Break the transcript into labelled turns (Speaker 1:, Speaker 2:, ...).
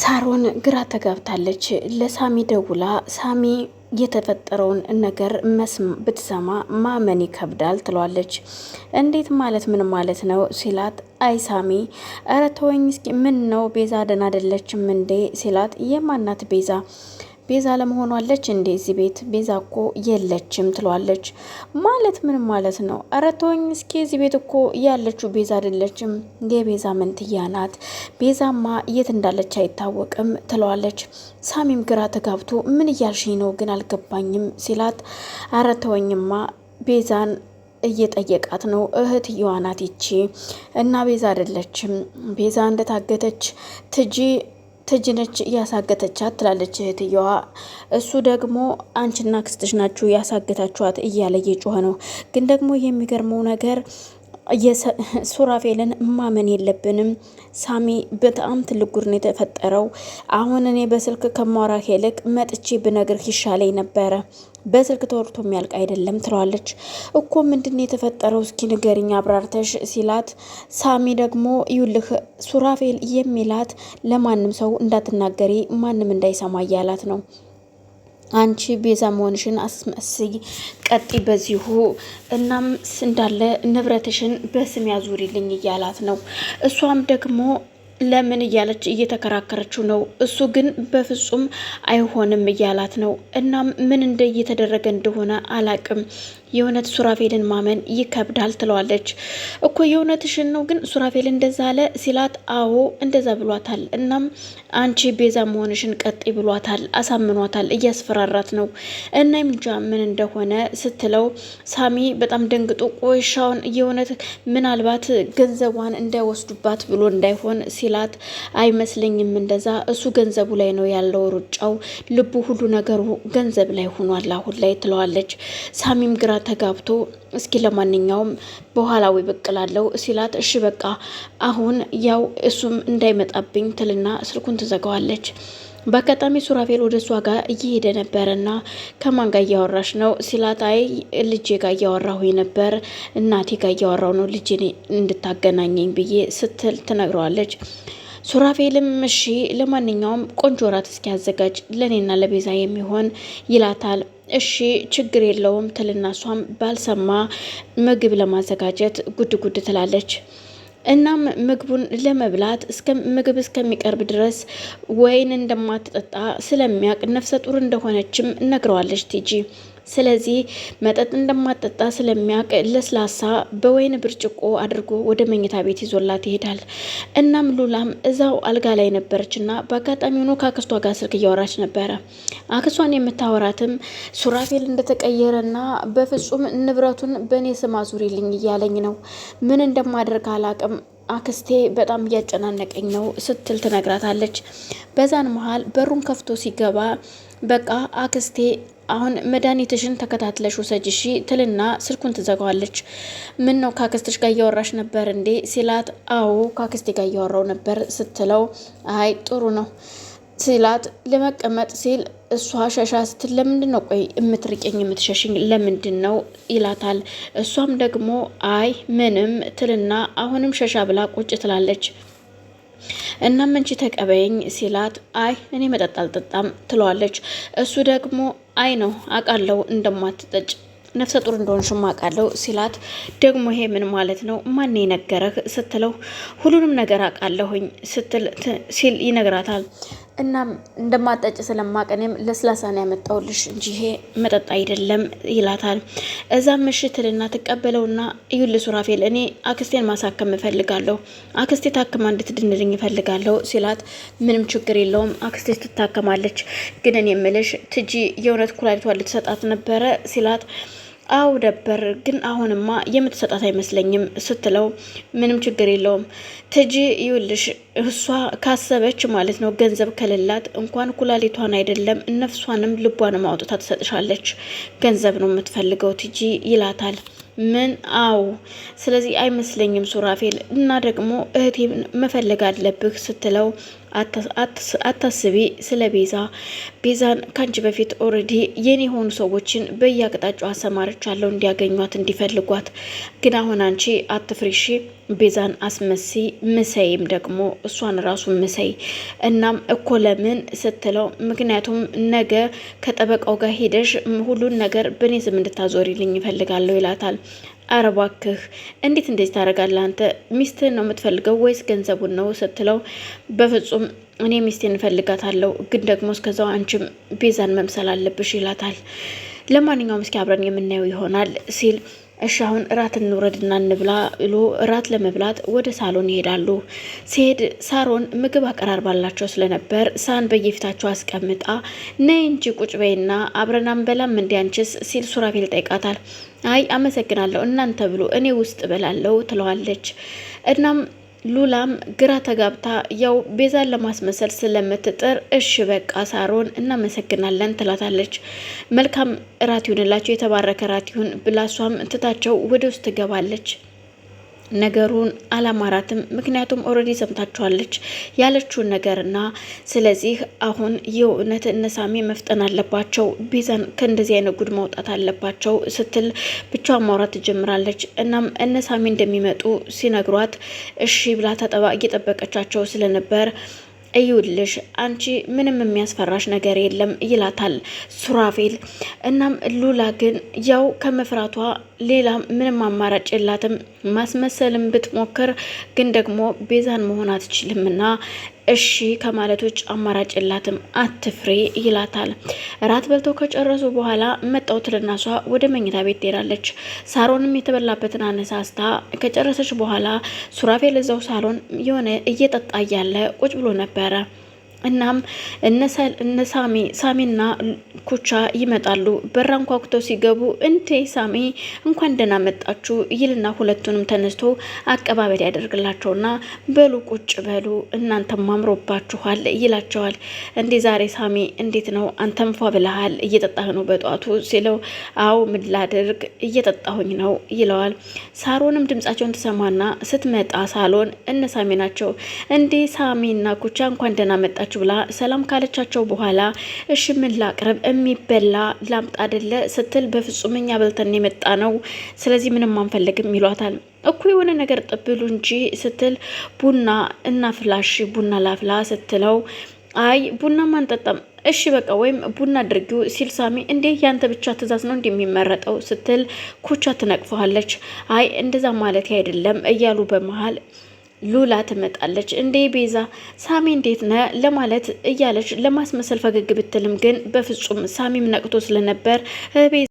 Speaker 1: ሳሮን ግራ ተጋብታለች። ለሳሚ ደውላ ሳሚ የተፈጠረውን ነገር ብትሰማ ማመን ይከብዳል ትሏለች። እንዴት ማለት ምን ማለት ነው ሲላት፣ አይ ሳሚ ኧረ ተወኝ እስኪ ምን ነው ቤዛ ደህና አይደለችም እንዴ ሲላት፣ የማናት ቤዛ ቤዛ ለመሆኑ አለች እንዴ ዚህ ቤት? ቤዛ እኮ የለችም ትሏለች። ማለት ምን ማለት ነው? አረቶኝ እስኪ እዚህ ቤት እኮ ያለችው ቤዛ አይደለችም፣ የቤዛ መንትያ ናት። ቤዛማ የት እንዳለች አይታወቅም ትለዋለች። ሳሚም ግራ ተጋብቶ ምን እያልሽኝ ነው ግን አልገባኝም ሲላት፣ አረተወኝማ ቤዛን እየጠየቃት ነው። እህትየዋ ናት ይቺ እና ቤዛ አይደለችም። ቤዛ እንደታገተች ትጂ ትጅነች እያሳገተቻት ትላለች እህትየዋ። እሱ ደግሞ አንቺና ክስትሽ ናችሁ ያሳገታችኋት እያለ እየጮኸ ነው። ግን ደግሞ የሚገርመው ነገር ሱራፌልን ማመን የለብንም። ሳሚ በጣም ትልቅ ጉድ ነው የተፈጠረው። አሁን እኔ በስልክ ከማውራህ ይልቅ መጥቼ ብነግርህ ይሻለኝ ነበረ። በስልክ ተወርቶ የሚያልቅ አይደለም ትለዋለች። እኮ ምንድን የተፈጠረው እስኪ ንገሪኝ አብራርተሽ ሲላት፣ ሳሚ ደግሞ ይውልህ ሱራፌል የሚላት ለማንም ሰው እንዳትናገሪ ማንም እንዳይሰማ እያላት ነው አንቺ ቤዛ መሆንሽን አስመስይ፣ ቀጢ በዚሁ እናም እንዳለ ንብረትሽን በስም ያዙሪልኝ እያላት ነው። እሷም ደግሞ ለምን እያለች እየተከራከረችው ነው። እሱ ግን በፍጹም አይሆንም እያላት ነው። እናም ምን እንደ እየተደረገ እንደሆነ አላቅም የእውነት ሱራፌልን ማመን ይከብዳል ትለዋለች። እኮ የእውነትሽን ነው ግን ሱራፌል እንደዛ አለ ሲላት፣ አዎ እንደዛ ብሏታል። እናም አንቺ ቤዛ መሆንሽን ቀጤ ብሏታል፣ አሳምኗታል፣ እያስፈራራት ነው እና ምንጃ ምን እንደሆነ ስትለው፣ ሳሚ በጣም ደንግጦ ቆሻውን የእውነት ምናልባት ገንዘቧን እንዳይወስዱባት ብሎ እንዳይሆን ሲላት፣ አይመስለኝም እንደዛ እሱ ገንዘቡ ላይ ነው ያለው ሩጫው፣ ልቡ ሁሉ ነገሩ ገንዘብ ላይ ሆኗል አሁን ላይ ትለዋለች። ሳሚም ግራ ተጋብቶ እስኪ ለማንኛውም በኋላዊ በቅላለው ሲላት እሺ በቃ አሁን ያው እሱም እንዳይመጣብኝ ትልና ስልኩን ትዘጋዋለች። በአጋጣሚ ሱራፌል ወደ እሷ ጋር እየሄደ ነበረና ከማን ጋር እያወራሽ ነው ሲላት፣ አይ ልጄ ጋር እያወራሁ ነበር እናቴ ጋር እያወራው ነው ልጄ እንድታገናኘኝ ብዬ ስትል ትነግረዋለች። ሱራፌልም እሺ ለማንኛውም ቆንጆ ራት እስኪያዘጋጅ ለእኔና ለቤዛ የሚሆን ይላታል። እሺ ችግር የለውም ትልና እሷም ባልሰማ ምግብ ለማዘጋጀት ጉድ ጉድ ትላለች። እናም ምግቡን ለመብላት ምግብ እስከሚቀርብ ድረስ ወይን እንደማትጠጣ ስለሚያውቅ ነፍሰ ጡር እንደሆነችም ነግረዋለች ቲጂ ስለዚህ መጠጥ እንደማጠጣ ስለሚያውቅ ለስላሳ በወይን ብርጭቆ አድርጎ ወደ መኝታ ቤት ይዞላት ይሄዳል። እናም ሉላም እዛው አልጋ ላይ ነበረች እና በአጋጣሚ ሆኖ ከአክስቷ ጋር ስልክ እያወራች ነበረ። አክስቷን የምታወራትም ሱራፌል እንደተቀየረ እና በፍጹም ንብረቱን በእኔ ስም አዙሪልኝ እያለኝ ነው፣ ምን እንደማደርግ አላቅም አክስቴ በጣም እያጨናነቀኝ ነው ስትል ትነግራታለች። በዛን መሀል በሩን ከፍቶ ሲገባ በቃ አክስቴ አሁን መድኃኒትሽን ተከታትለሽ ውሰጅ እሺ ትልና ስልኩን ትዘጋዋለች። ምን ነው ካክስትሽ ጋር እያወራሽ ነበር እንዴ ሲላት፣ አዎ ካክስቴ ጋር እያወራው ነበር ስትለው፣ አይ ጥሩ ነው ሲላት ለመቀመጥ ሲል እሷ ሸሻ ስትል ለምንድን ነው ቆይ የምትርቀኝ የምትሸሽኝ ለምንድን ነው ይላታል። እሷም ደግሞ አይ ምንም ትልና አሁንም ሸሻ ብላ ቁጭ ትላለች። እናም እንቺ ተቀበይኝ ሲላት አይ እኔ መጠጥ አልጠጣም ትለዋለች። እሱ ደግሞ አይ ነው አውቃለሁ እንደማትጠጭ ነፍሰ ጡር እንደሆንሽም አውቃለሁ ሲላት ደግሞ ይሄ ምን ማለት ነው? ማን የነገረህ ስትለው ሁሉንም ነገር አውቃለሁኝ ስትል ሲል ይነግራታል። እናም እንደማጠጭ ስለማቅ እኔም ለስላሳ ነው ያመጣውልሽ እንጂ ይሄ መጠጥ አይደለም ይላታል። እዛም ምሽትልና ትቀበለውና እዩልህ ሱራፌል፣ እኔ አክስቴን ማሳከም እፈልጋለሁ፣ አክስቴ ታክማ እንድትድንልኝ እፈልጋለሁ ሲላት፣ ምንም ችግር የለውም አክስቴ ትታከማለች፣ ግን እኔ የምልሽ ትጂ የእውነት ኩላሊቷ ልትሰጣት ነበረ ሲላት አው ነበር ግን አሁንማ የምትሰጣት አይመስለኝም ስትለው ምንም ችግር የለውም ትጂ ይውልሽ እሷ ካሰበች ማለት ነው ገንዘብ ከሌላት እንኳን ኩላሊቷን አይደለም ነፍሷንም ልቧንም አውጥታ ትሰጥሻለች ገንዘብ ነው የምትፈልገው ትጂ ይላታል ምን? አዎ። ስለዚህ አይመስለኝም ሱራፌል። እና ደግሞ እህቴን መፈለግ አለብህ ስትለው አታስቢ ስለ ቤዛ ቤዛን ከአንቺ በፊት ኦልሬዲ የኔ የሆኑ ሰዎችን በየአቅጣጫው አሰማርቻለሁ እንዲያገኟት እንዲፈልጓት። ግን አሁን አንቺ አትፍሪሺ፣ ቤዛን አስመሲ፣ ምሰይም ደግሞ እሷን ራሱ ምሰይ። እናም እኮ ለምን ስትለው ምክንያቱም ነገ ከጠበቃው ጋር ሄደሽ ሁሉን ነገር በእኔ ስም እንድታዞሪልኝ ይፈልጋለሁ ይላታል። አረባክህ እባክህ እንዴት እንደዚህ ታደርጋለህ? አንተ ሚስትህን ነው የምትፈልገው ወይስ ገንዘቡን ነው ስትለው፣ በፍጹም እኔ ሚስቴን እፈልጋታለሁ፣ ግን ደግሞ እስከዛው አንቺም ቤዛን መምሰል አለብሽ ይላታል። ለማንኛውም እስኪ አብረን የምናየው ይሆናል ሲል እሺ አሁን እራት እንውረድና እንብላ ብሎ እራት ለመብላት ወደ ሳሎን ይሄዳሉ። ሲሄድ ሳሮን ምግብ አቀራርባላቸው ስለነበር ሳን በየፊታቸው አስቀምጣ ነይ እንጂ ቁጭ በይና አብረን አንበላም እንዲያንችስ ሲል ሱራፌል ጠይቃታል። አይ አመሰግናለሁ እናንተ ብሎ እኔ ውስጥ እበላለሁ ትለዋለች። እናም ሉላም ግራ ተጋብታ ያው ቤዛን ለማስመሰል ስለምትጥር እሺ በቃ ሳሮን እናመሰግናለን ትላታለች። መልካም እራት ይሁንላችሁ፣ የተባረከ እራት ይሁን ብላ እሷም ትታቸው ወደ ውስጥ ትገባለች። ነገሩን አላማራትም። ምክንያቱም ኦልሬዲ ሰምታችኋለች ያለችውን ነገርና ስለዚህ አሁን የእውነት እነሳሚ መፍጠን አለባቸው፣ ቤዛን ከእንደዚህ አይነት ጉድ ማውጣት አለባቸው ስትል ብቻ ማውራት ትጀምራለች። እናም እነሳሚ እንደሚመጡ ሲነግሯት እሺ ብላ ተጠባ እየጠበቀቻቸው ስለነበር እዩልሽ አንቺ ምንም የሚያስፈራሽ ነገር የለም ይላታል ሱራፌል። እናም ሉላ ግን ያው ከመፍራቷ ሌላ ምንም አማራጭ የላትም። ማስመሰልም ብትሞክር ግን ደግሞ ቤዛን መሆን አትችልምና እሺ ከማለቶች አማራጭ የላትም። አትፍሬ ይላታል። ራት በልተው ከጨረሱ በኋላ መጣው ትልናሷ ወደ መኝታ ቤት ትሄዳለች። ሳሮንም የተበላበትን አነሳስታ ከጨረሰች በኋላ ሱራፌል እዛው ሳሎን የሆነ እየጠጣ እያለ ቁጭ ብሎ ነበረ። እናም እነ ሳሚ ሳሚና ኩቻ ይመጣሉ። እንኳ ኳኩተው ሲገቡ እንዴ ሳሚ እንኳን ደህና መጣችሁ ይልና ሁለቱንም ተነስቶ አቀባበል ያደርግላቸውና በሉ ቁጭ በሉ እናንተም አምሮባችኋል ይላቸዋል። እንዴ ዛሬ ሳሚ እንዴት ነው አንተም ፏ ብለሃል እየጠጣህ ነው በጠዋቱ ሲለው አው ምን ላድርግ እየጠጣሁኝ ነው ይለዋል። ሳሮንም ድምጻቸውን ትሰማና ስትመጣ ሳሎን እነ ሳሚ ናቸው። እንዴ ሳሚና ኩቻ እንኳን ደህና መጣ ላምጣላችሁ ብላ ሰላም ካለቻቸው በኋላ እሺ ምን ላቅርብ የሚበላ ላምጣ አደለ ስትል በፍጹም እኛ በልተን የመጣ ነው፣ ስለዚህ ምንም አንፈልግም ይሏታል። እኮ የሆነ ነገር ጥብሉ እንጂ ስትል ቡና እና ፍላሽ ቡና ላፍላ ስትለው አይ ቡናም አንጠጣም እሺ በቃ ወይም ቡና አድርጊው ሲል ሳሚ እንዴ ያንተ ብቻ ትእዛዝ ነው እንደሚመረጠው ስትል ኩቻ ትነቅፈዋለች። አይ እንደዛ ማለት አይደለም እያሉ በመሀል ሉላ ትመጣለች። እንዴ ቤዛ ሳሚ እንዴት ነ ለማለት እያለች ለማስመሰል ፈገግ ብትልም ግን በፍጹም ሳሚም ነቅቶ ስለነበር